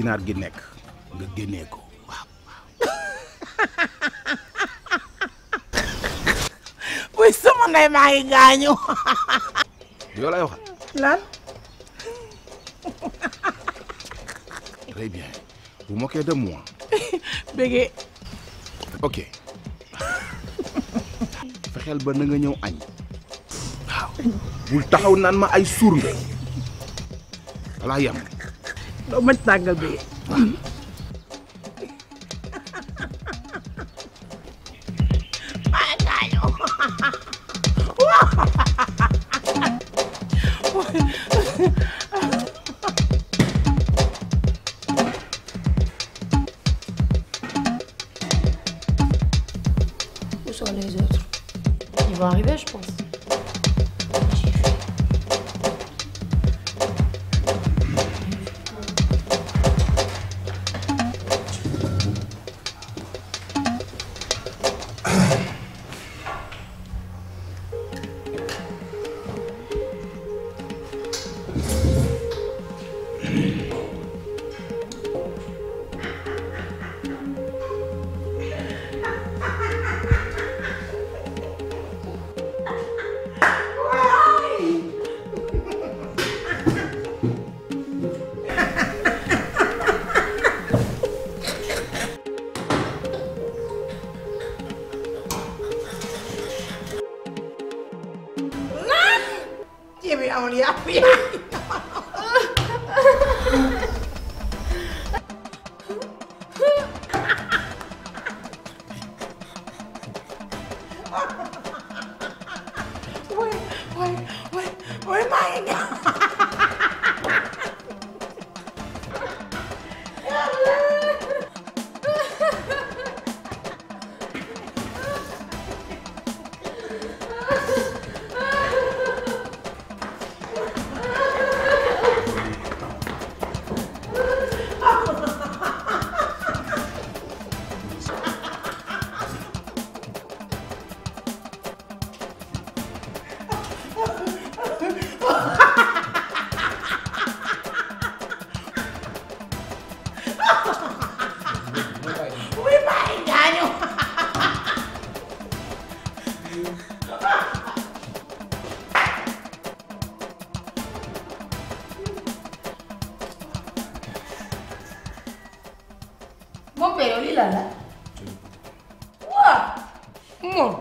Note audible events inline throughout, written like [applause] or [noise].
ginar gi nek nga génnee ko waaw buy sama ngay ma ngi gañu yo lay wax lan très bien vous moquez de moi bégé ok fexel ba na nga ñew añ waaw bul taxaw nan ma ay suur nga wala yam Ba't Tangle Bay? unidad [laughs] lan la waaw moom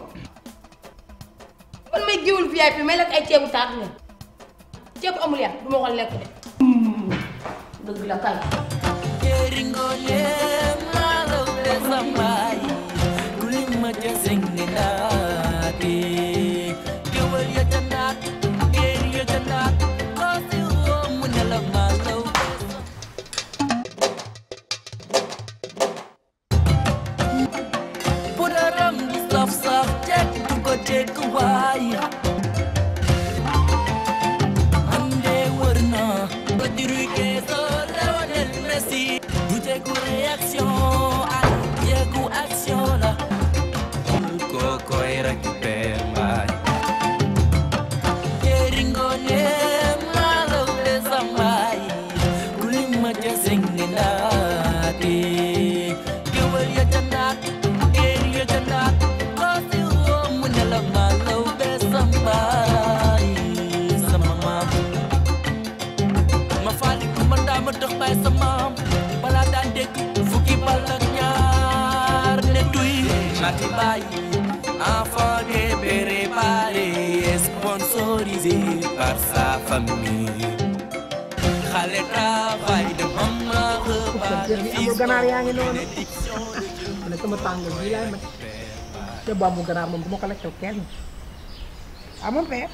man may géwul VIP may lekk ay ceebu taat ne ceebu amul yàq du ma ko lekk de dëgg la kay ak bàyyi enfant des préparés et sponsorisé par sa famille. xale travail de maman repas de fils bénédiction de Dieu. ma ne sama tàngoor bii laay mën te boobu ganaar moom bu ma ko lekkee kenn ah mon père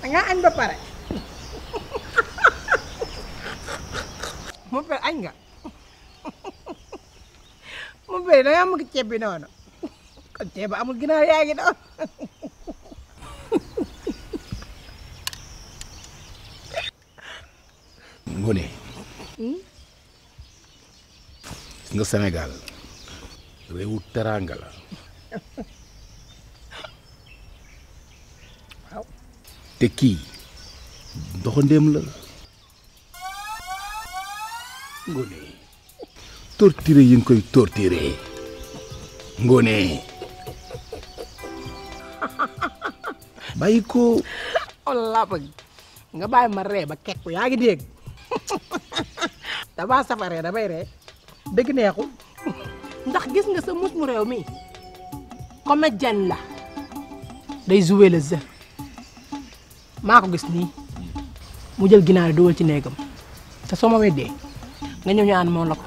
da añ ba pare. [laughs] mon père añ nga. [laughs] mon père da ngaa mën ceeb bi noonu. Kecil pak mungkin ya gitu. Ngone. Hmm? Nga Sénégal. Réewu teraanga la. Waaw. Te kii doxandéem la. Ngone. torturé yi nga koy torturé. Ngone. bayiko Allah bang nga bay [laughs] ma re ba kek ko yaagi deg da ba safare da bay re deug neexu ndax gis nga sa mut mu rew mi jenn la day jouer le jeu mako gis ni mu jël ginaar ci te nga ñu ñaan mo lako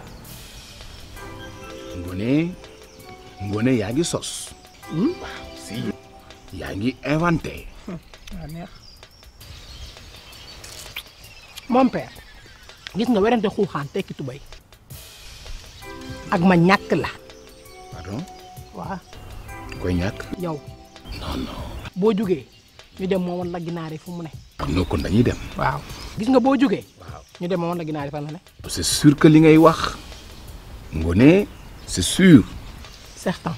ngone ngone yaagi sos hmm? yaa ngi inventé. mon père gis nga werante xuuxaan tekki tubay ak ma ñàkk la. pardon. waaw. koy ñàkk. yow. non non. boo jugee ñu dem moo woon la ginaar yi fu mu ne. am na kon dañuy dem. waaw gis nga boo jugee. ñu dem moo woon la ginaar yi fan la ne. c'est sûr que li ngay wax. Ngoné c'est sûr. certain.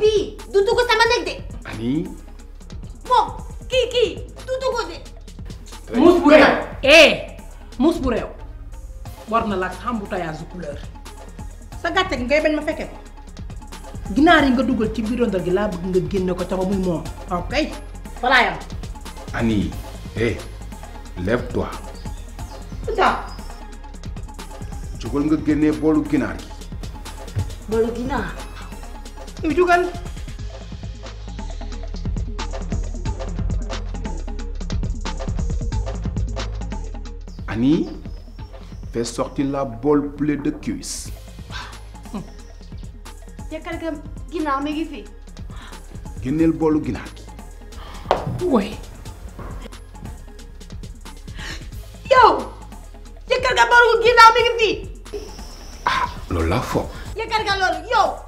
B ずっとこさまないであにもうキーキーずっとこでもうすぶれよええもうすぶれよ war na deh. sa embouteillage couleur sa gàcce ngay bañ ma fekke ko ginaar yi nga dugal ci biir ndal gi laa bëgg nga génne ko tama muy moom ok yam ani eh lève toi da jógal nga génne bolu ginar. gi boolu setuju kan Annie fais sortir la boule poulet de cuisse waaw jëkkër mi ngi fi génneel boolu ginaar gi way yow boolu ginaar mi ngi fi ah, loolu laa foog jëkkër loolu yow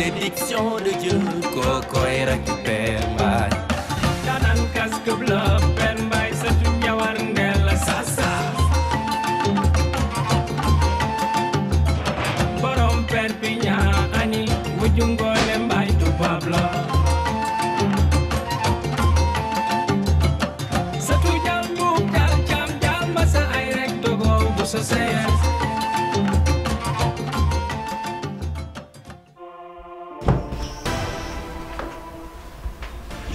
bénédiction de Dieu, Coco et récupère mal. Danan casque bleu, ben bay, c'est une yawarnel, sasa. Borom perpignan, ani, wujungo lembay, tu pablo. jam bukan jam jam masa airek dogo busosayas.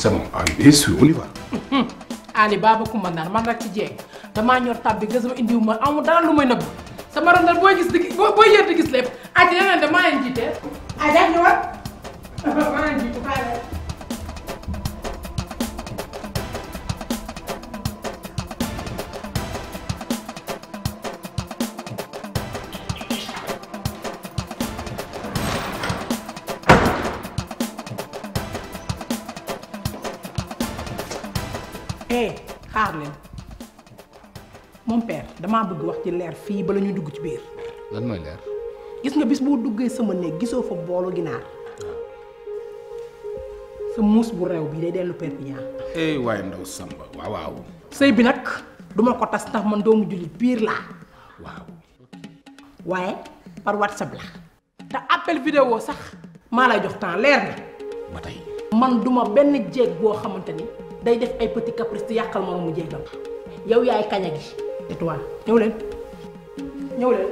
c'est bon ah bien sûr on y va. [laughs] Aliou Baba Kumba Ndar man rek ci jeeg damaa ñor tab bi gëstu indiwu ma amul dara lu may nëbb booy gis di boo booy yéer di gis lépp ah ci leneen damaa leen jiite ah jaajëfal maa leen jiite [laughs] xaar leen mon père damaa bëgg wax ci leer fii ba la ñuy dugg ci biir. lan mooy leer. gis nga bis boo duggee sama néeg gisoo fa ginaar sa muus bu bi day dellu Perpignan. eh waaye ndaw Samba waaw waaw. sëy bi nag duma ko tas ndax man doomu jullit biir laa waaw. waaye par whatsapp la te appel vidéo sax maa lay jox temps leer na. ba tey man duma benn boo xamante day def ay petit caprice di yàqal ma mu jeetam yow yaay kaña gi et toi ñëw leen ñëw leen.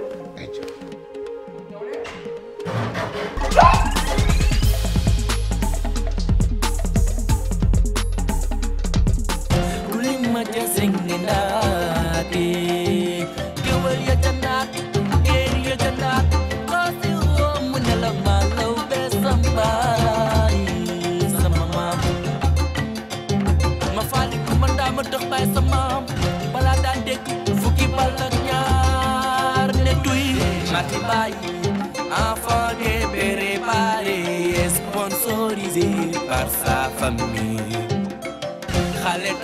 famille.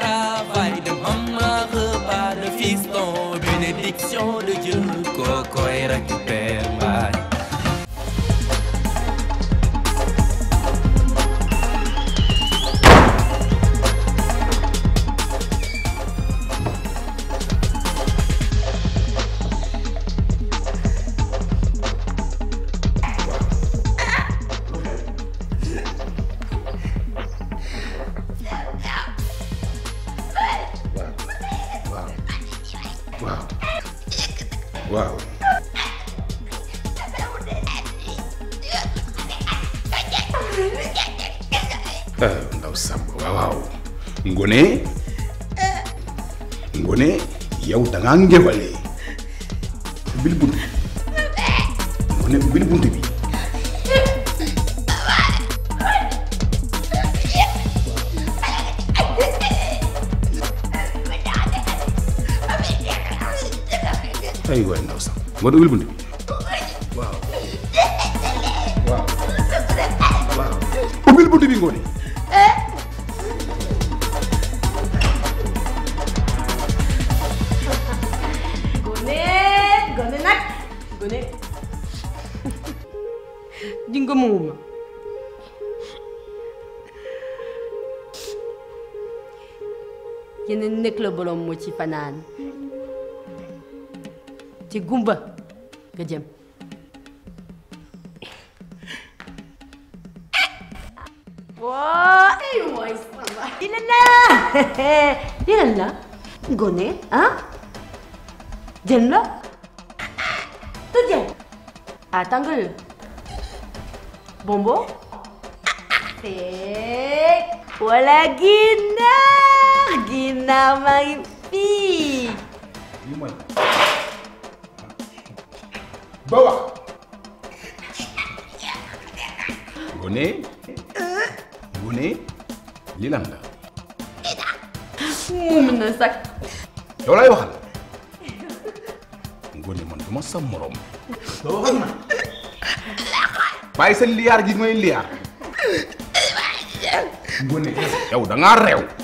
travail de maman, repas de fiston, bénédiction de Dieu, coco et récupère. Eh, waaw waaw. ndaw Samb Ngone Ngone yow da ngaa ngéwale ubbil bunt Ngone ubbil bunt bi. ay waay ndaw sax moo ubbil bunt bi waaw waaw waaw ubbil bunt bi ngoone gone nag gone di nga moomuma nekk la borom moo ci fanaan gomba gumba nga jëm. C'est eh mooy sama. dina la C'est gone ah jën la tu ah bombo tek wala Ginar, C'est ba wax. Ngoné. Ngoné li lan la. moom na sax. yow laay waxal. Ngoné man duma sa morom. doo waxal ma. bàyyi sa liyaar gi mooy liyaar. Ngoné yow